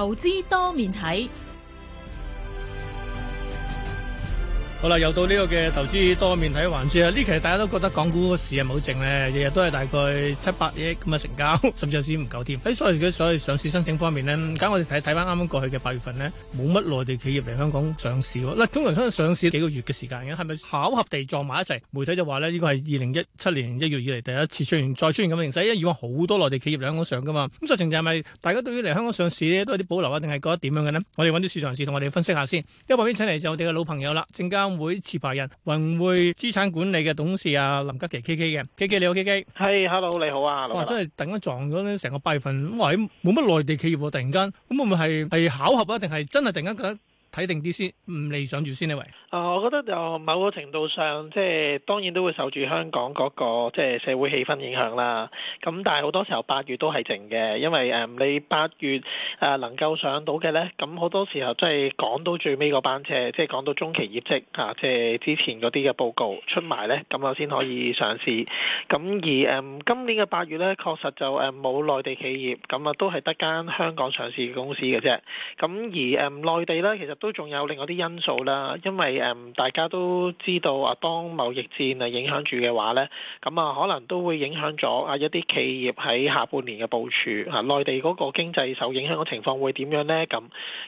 投資多面睇。好啦，又到呢個嘅投資多面睇環節啊！呢期大家都覺得港股個市係冇剩，咧，日日都係大概七八億咁嘅成交，甚至有時唔夠添。喺所謂所謂上市申請方面咧，咁我哋睇睇翻啱啱過去嘅八月份咧，冇乜內地企業嚟香港上市喎。嗱，通常上市幾個月嘅時間嘅，係咪巧合地撞埋一齊？媒體就話呢，呢、呢個係二零一七年一月以嚟第一次出現再出現咁嘅形式，因為以往好多內地企業嚟香港上㗎嘛。咁實情就係咪大家對於嚟香港上市都有啲保留啊，定係覺得點樣嘅呢？我哋揾啲市場人士同我哋分析一下先。因為我依邊請嚟就我哋嘅老朋友啦，會持牌人宏匯資產管理嘅董事啊林嘉麒 K K 嘅 K K 你好 K K 係 Hello 你好啊、Hello. 哇真係突然間撞咗成個八月份哇，冇乜內地企業喎、啊、突然間咁會唔會係係巧合啊定係真係突然間覺得睇定啲先唔理想住先呢、啊、位？喂我覺得就某個程度上，即係當然都會受住香港嗰個即係社會氣氛影響啦。咁但係好多時候八月都係靜嘅，因為誒你八月誒能夠上到嘅呢，咁好多時候即係講到最尾個班車，即係講到中期業績嚇，即係之前嗰啲嘅報告出埋呢。咁我先可以上市。咁而今年嘅八月呢，確實就冇內地企業，咁啊都係得間香港上市公司嘅啫。咁而誒內地呢，其實都仲有另外啲因素啦，因為大家都知道啊，當貿易戰啊影響住嘅話呢咁啊，可能都會影響咗啊一啲企業喺下半年嘅部署啊，內地嗰個經濟受影響嘅情況會點樣呢？咁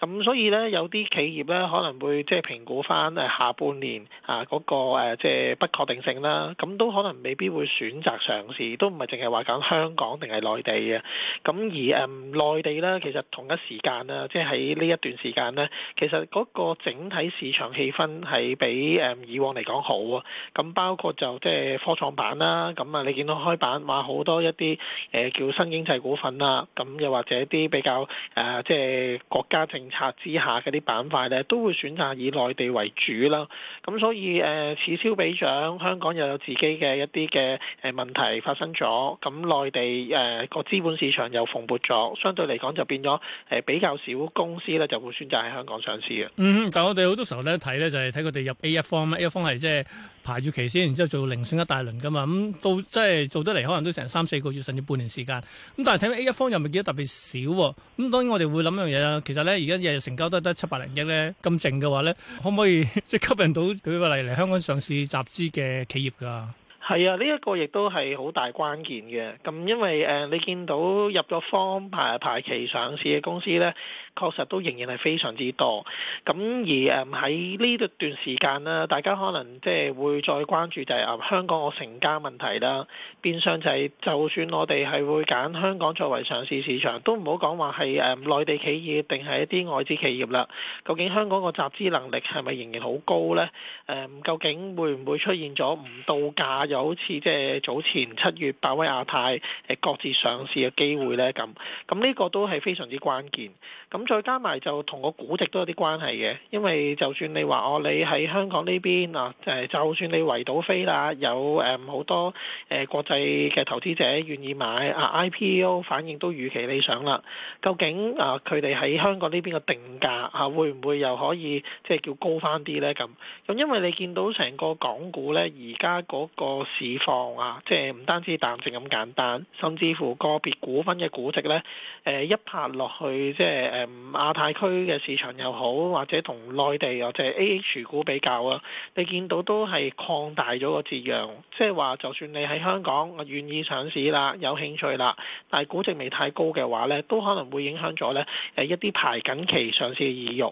咁，所以呢，有啲企業呢可能會即係評估返誒下半年啊嗰個即係不確定性啦，咁都可能未必會選擇上市，都唔係淨係話講香港定係內地嘅。咁而誒內地呢，其實同一時間啊，即係喺呢一段時間呢，其實嗰個整體市場氣氛。係比誒、嗯、以往嚟講好啊。咁包括就即係科創板啦，咁啊你見到開版話好多一啲誒、呃、叫新經濟股份啦，咁又或者一啲比較誒即係國家政策之下嗰啲板塊咧，都會選擇以內地為主啦。咁所以誒、呃、此消彼長，香港又有自己嘅一啲嘅誒問題發生咗，咁內地誒個資本市場又蓬勃咗，相對嚟講就變咗誒比較少公司咧就會選擇喺香港上市啊。嗯，但我哋好多時候咧睇咧就係、是。睇佢哋入 A 一方咧，A 一方係即係排住期先，然之後做聆訊一大輪噶嘛，咁到即係做得嚟可能都成三四個月甚至半年時間，咁但係睇 A 一方又咪見得特別少喎、啊？咁當然我哋會諗一樣嘢啦，其實咧而家日日成交都得七百零億咧，咁靜嘅話咧，可唔可以即係吸引到舉個例嚟香港上市集資嘅企業㗎？係啊，呢、這、一個亦都係好大關鍵嘅。咁因為誒、呃，你見到入咗方排排期上市嘅公司呢，確實都仍然係非常之多。咁而喺呢、呃、段時間啦，大家可能即係會再關注就係啊香港個成交問題啦。變相就係就算我哋係會揀香港作為上市市場，都唔好講話係誒內地企業定係一啲外資企業啦。究竟香港個集資能力係咪仍然好高呢、呃？究竟會唔會出現咗唔到價就好似即係早前七月百威亞太誒各自上市嘅機會咧，咁咁呢個都係非常之關鍵。咁再加埋就同個估值都有啲關係嘅，因為就算你話我你喺香港呢邊啊誒，就算你圍到飛啦，有誒好多誒國際嘅投資者願意買啊 IPO，反應都預期理想啦。究竟啊佢哋喺香港呢邊嘅定價啊會唔會又可以即係叫高翻啲咧？咁咁因為你見到成個港股咧而家嗰個。市況啊，即係唔單止淡靜咁簡單，甚至乎個別股份嘅估值呢，誒一拍落去，即係誒亞太區嘅市場又好，或者同內地或者 AH 股比較啊，你見到都係擴大咗個字樣，即係話就算你喺香港，我願意上市啦，有興趣啦，但係估值未太高嘅話呢，都可能會影響咗呢誒一啲排緊期上市嘅意欲。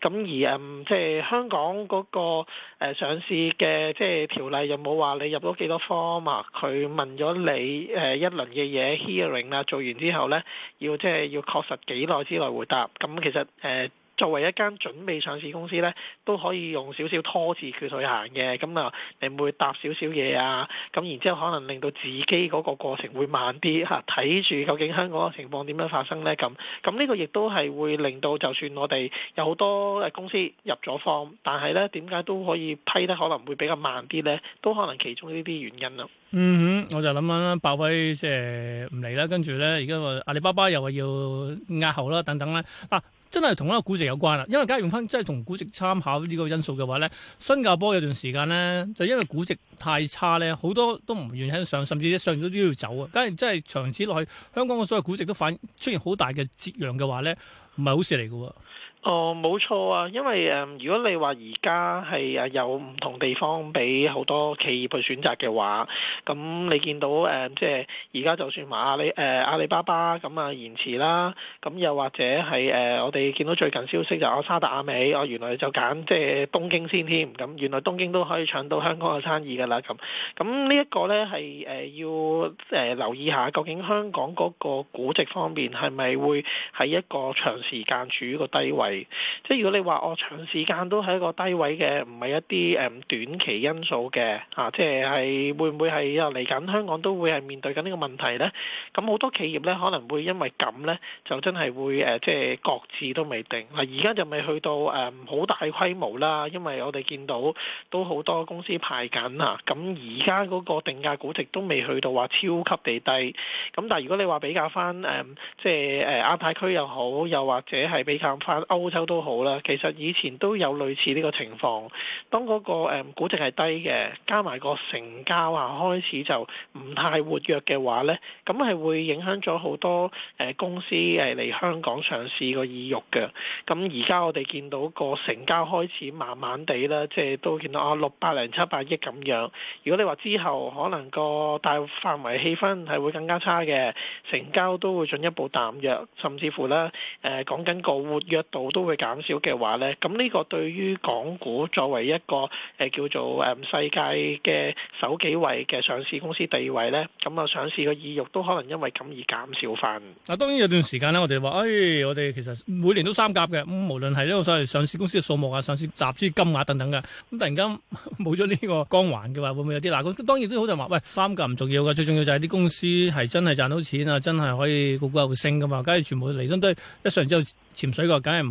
咁而誒即係香港嗰個上市嘅即係條例有冇話你入到。幾多科啊？佢問咗你誒一輪嘅嘢 hearing 啦，做完之後咧，要即係要確實幾耐之內回答。咁其實誒。呃作為一間準備上市公司咧，都可以用少少拖字訣去行嘅，咁啊，你唔會搭少少嘢啊，咁然之後可能令到自己嗰個過程會慢啲嚇，睇住究竟香港嘅情況點樣發生咧，咁咁呢個亦都係會令到，就算我哋有好多公司入咗方，但係咧點解都可以批得可能會比較慢啲咧，都可能其中呢啲原因啦。嗯哼，我就諗緊啦，爆批即係唔嚟啦，跟住咧，而家阿里巴巴又話要押後啦，等等咧啊。真係同一個估值有關啦，因為假如用翻真係同估值參考呢個因素嘅話咧，新加坡有段時間咧就因為估值太差咧，好多都唔願喺度上，甚至一上咗都要走啊。假如真係長此落去，香港嘅所有估值都反出現好大嘅折讓嘅話咧，唔係好事嚟嘅。哦，冇錯啊，因為誒、嗯、如果你話而家係誒有唔同地方俾好多企業去選擇嘅話，咁你見到誒、嗯、即係而家就算話阿里、呃、阿里巴巴咁啊、嗯、延遲啦，咁、嗯、又或者係誒、嗯、我哋見到最近消息就阿、是、沙特阿美哦、嗯，原來就揀即係東京先添，咁、嗯、原來東京都可以搶到香港嘅生意噶啦咁，咁、嗯嗯這個、呢一個咧係誒要誒、呃、留意下，究竟香港嗰個估值方面係咪會喺一個長時間處於個低位？係，即係如果你話我、哦、長時間都喺一個低位嘅，唔係一啲誒、嗯、短期因素嘅啊，即係會唔會係又嚟緊香港都會係面對緊呢個問題呢？咁好多企業呢可能會因為咁呢，就真係會誒、啊，即係各自都未定。而、啊、家就未去到誒好、啊、大規模啦，因為我哋見到都好多公司派緊啊。咁而家嗰個定價估值都未去到話、啊、超級地低。咁、啊、但係如果你話比較翻誒、啊，即係誒亞太區又好，又或者係比較翻歐歐洲都好啦，其實以前都有類似呢個情況。當嗰、嗰個、嗯、估值係低嘅，加埋個成交啊開始就唔太活躍嘅話呢，咁係會影響咗好多誒、呃、公司誒嚟香港上市個意欲嘅。咁而家我哋見到嗰個成交開始慢慢地啦，即係都見到啊六百零七百億咁樣。如果你話之後可能個大範圍氣氛係會更加差嘅，成交都會進一步淡弱，甚至乎呢誒講緊個活躍度，都會減少嘅話咧，咁呢個對於港股作為一個、呃、叫做世界嘅首幾位嘅上市公司地位咧，咁啊上市嘅意欲都可能因為咁而減少翻。嗱，當然有段時間咧、哎，我哋話，誒，我哋其實每年都三甲嘅，咁無論係呢個所謂上市公司嘅數目啊、上市集資金額等等嘅，咁突然間冇咗呢個光環嘅話，會唔會有啲嗱？咁當然都好多人話，喂，三甲唔重要嘅，最重要就係啲公司係真係賺到錢啊，真係可以股價會升㗎嘛。假如全部嚟都都一上完之後潛水嘅話，梗係唔。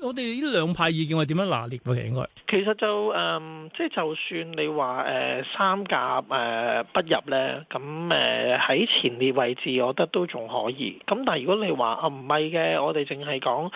我哋呢兩派意見係點樣拿捏嘅應該？其實就誒，即、嗯、係就算你話、呃、三甲誒不、呃、入咧，咁誒喺前列位置，我覺得都仲可以。咁但係如果你話啊唔係嘅，我哋淨係講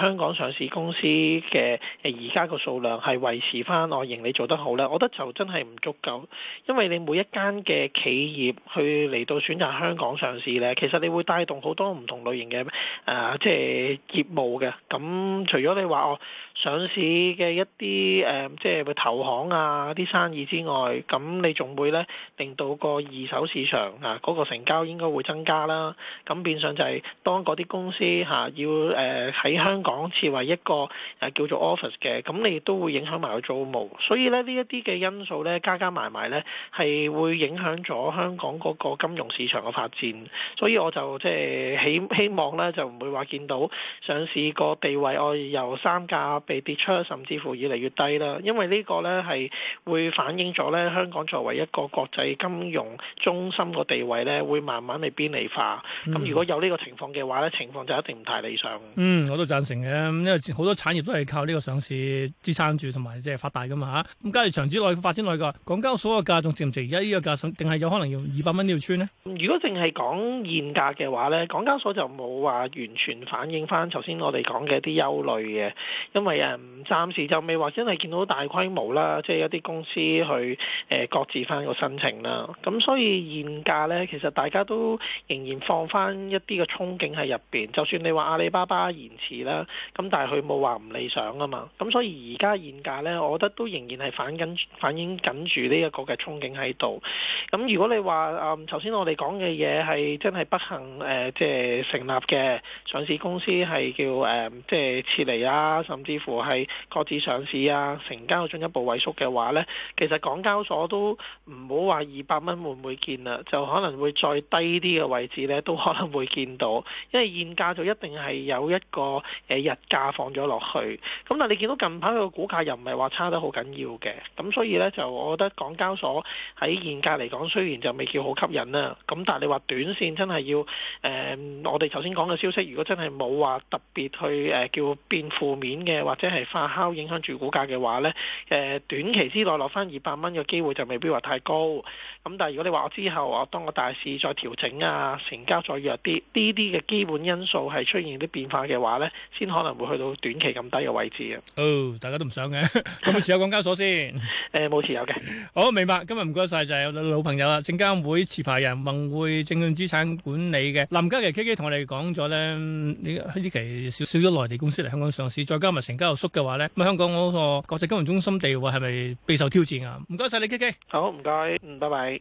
香港上市公司嘅而家個數量係維持翻，外營你做得好咧。我覺得就真係唔足夠，因為你每一間嘅企業去嚟到選擇香港上市咧，其實你會帶動好多唔同類型嘅誒、呃，即係業務嘅咁。嗯。除咗你話哦，上市嘅一啲誒、呃、即係會投行啊啲生意之外，咁你仲會咧令到個二手市場啊嗰、那個成交應該會增加啦。咁變相就係、是、當嗰啲公司吓、啊、要誒喺、呃、香港設為一個誒、啊、叫做 office 嘅，咁你亦都會影響埋個租務。所以咧呢一啲嘅因素咧加加埋埋咧係會影響咗香港嗰個金融市場嘅發展。所以我就即係希希望咧就唔會話見到上市個地位我。由三駕被跌出，甚至乎越嚟越低啦。因為呢個呢係會反映咗呢香港作為一個國際金融中心個地位呢，會慢慢嚟邊緣化。咁、嗯、如果有呢個情況嘅話呢，情況就一定唔太理想。嗯，我都贊成嘅，因為好多產業都係靠呢個上市支撐住同埋即係發大噶嘛吓，咁假如長子內發展內個港交所個價仲值唔值？而家呢個價定係有可能要二百蚊呢度穿呢？如果淨係講現價嘅話呢，港交所就冇話完全反映翻頭先我哋講嘅啲憂慮，去嘅，因為誒暫時就未話真係見到大規模啦，即係一啲公司去誒各自翻個申請啦。咁所以現價呢，其實大家都仍然放翻一啲嘅憧憬喺入邊。就算你話阿里巴巴延遲啦，咁但係佢冇話唔理想啊嘛。咁所以而家現價呢，我覺得都仍然係反緊反映緊住呢一個嘅憧憬喺度。咁如果你話頭先我哋講嘅嘢係真係不幸誒即係成立嘅上市公司係叫誒、嗯、即係。嚟啊，甚至乎係各自上市啊，成交進一步萎縮嘅話呢，其實港交所都唔好話二百蚊會唔會見啊，就可能會再低啲嘅位置呢，都可能會見到，因為現價就一定係有一個誒日價放咗落去。咁但係你見到近排個股價又唔係話差得好緊要嘅，咁所以呢就我覺得港交所喺現價嚟講雖然就未叫好吸引啦，咁但係你話短線真係要誒、呃，我哋頭先講嘅消息，如果真係冇話特別去誒、呃、叫。變負面嘅或者係發酵影響住股價嘅話咧，誒短期之內落翻二百蚊嘅機會就未必話太高。咁但係如果你話我之後我當個大市再調整啊，成交再弱啲，呢啲嘅基本因素係出現啲變化嘅話咧，先可能會去到短期咁低嘅位置啊。哦，大家都唔想嘅。有冇持有港交所先？誒冇持有嘅。好明白。今日唔該曬，就係老朋友啦。證監會持牌人，宏匯證券資產管理嘅林嘉麒 K K 同我哋講咗咧，呢呢期少少咗內地公司嚟。上市再加埋成交又縮嘅話咧，咁香港嗰個國際金融中心地位係咪備受挑戰啊？唔該晒你，K K，好唔該，嗯，拜拜。